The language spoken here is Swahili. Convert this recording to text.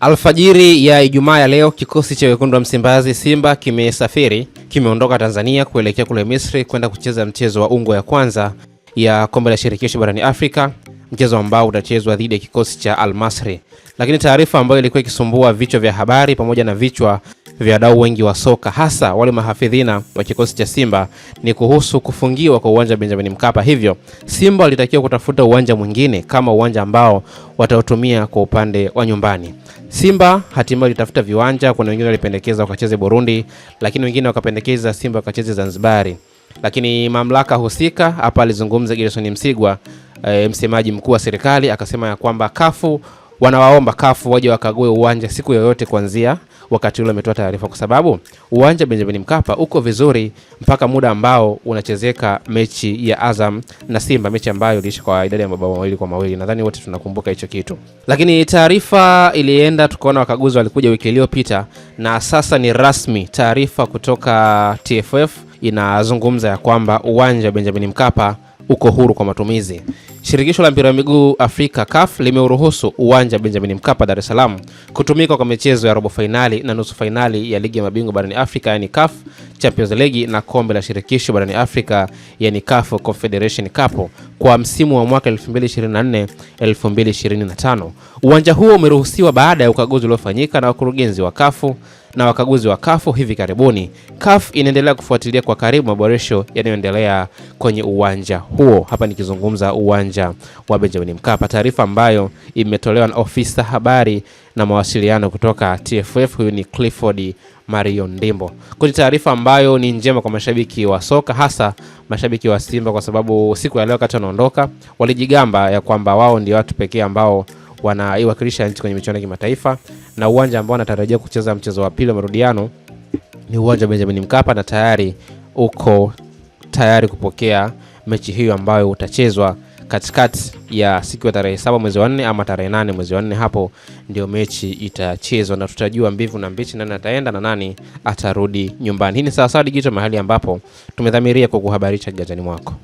Alfajiri ya Ijumaa ya leo kikosi cha wekundu wa Msimbazi Simba kimesafiri kimeondoka Tanzania kuelekea kule Misri kwenda kucheza mchezo wa ungo ya kwanza ya kombe la shirikisho barani Afrika, mchezo ambao utachezwa dhidi ya kikosi cha Al Masry. Lakini taarifa ambayo ilikuwa ikisumbua vichwa vya habari pamoja na vichwa vya wadau wengi wa soka hasa wale mahafidhina wa kikosi cha Simba ni kuhusu kufungiwa kwa uwanja wa Benjamin Mkapa. Hivyo Simba walitakiwa kutafuta uwanja mwingine kama uwanja ambao wataotumia kwa upande wa nyumbani. Simba hatimaye walitafuta viwanja, kuna wengine walipendekeza wakacheze Burundi, lakini wengine wakapendekeza Simba wakacheze Zanzibari, lakini mamlaka husika hapa, alizungumza Gerson Msigwa, e, msemaji mkuu wa serikali akasema ya kwamba kafu wanawaomba kafu waje wakague uwanja siku yoyote kuanzia wakati ule ametoa taarifa, kwa sababu uwanja Benjamin Mkapa uko vizuri mpaka muda ambao unachezeka mechi ya Azam na Simba, mechi ambayo iliisha kwa idadi ya mabao mawili kwa mawili. Nadhani wote tunakumbuka hicho kitu, lakini taarifa ilienda, tukaona wakaguzi walikuja wiki iliyopita, na sasa ni rasmi, taarifa kutoka TFF inazungumza ya kwamba uwanja wa Benjamin Mkapa uko huru kwa matumizi. Shirikisho la mpira wa miguu Afrika CAF limeuruhusu uwanja Benjamin Mkapa Dar es Salaam kutumika kwa michezo ya robo fainali na nusu fainali ya ligi ya mabingwa barani Afrika yani CAF Champions League na kombe la shirikisho barani Afrika yani CAF Confederation Cup kwa msimu wa mwaka 2024 2025. Uwanja huo umeruhusiwa baada ya ukaguzi uliofanyika na wakurugenzi wa CAF na wakaguzi wa CAF hivi karibuni. CAF inaendelea kufuatilia kwa karibu maboresho yanayoendelea kwenye uwanja huo. Hapa nikizungumza uwanja wa Benjamin Mkapa, taarifa ambayo imetolewa na ofisa habari na mawasiliano kutoka TFF, huyu ni Clifford Mario Ndimbo. Kuna taarifa ambayo ni njema kwa mashabiki wa soka hasa mashabiki wa Simba kwa sababu siku ya leo wakati wanaondoka walijigamba ya kwamba wao ndio watu pekee ambao wanaiwakilisha nchi kwenye michuano ya kimataifa, na uwanja ambao anatarajia kucheza mchezo wa pili wa marudiano ni uwanja wa Benjamin Mkapa, na tayari uko tayari kupokea mechi hiyo ambayo utachezwa katikati ya siku ya tarehe saba mwezi wa nne ama tarehe nane mwezi wa nne. Hapo ndio mechi itachezwa na tutajua mbivu na mbichi, nani ataenda na nani atarudi nyumbani. Hii ni Sawasawa Digital, mahali ambapo tumedhamiria kukuhabarisha kiganjani mwako.